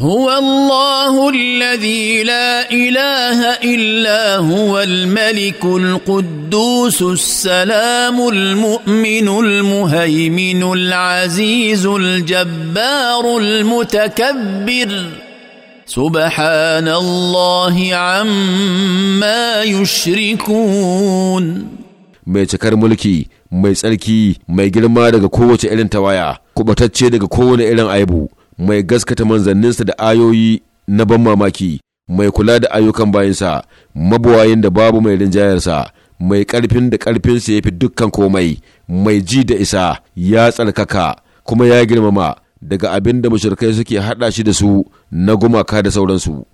هو الله الذي لا اله الا هو الملك القدوس السلام المؤمن المهيمن العزيز الجبار المتكبر سبحان الله عما يشركون mai cikar mulki mai tsarki mai girma daga kowace irin tawaya kubatacce daga kowane irin aibu mai gaskata manzanninsa da ayoyi na ban mamaki mai kula da ayyukan bayansa mabuwayin da babu mai rinjayarsa mai ƙarfin da ƙarfinsa ya fi dukkan komai mai ji da isa ya tsarkaka kuma ya girmama daga abin da mashirkai suke haɗa shi da su na gumaka da sauransu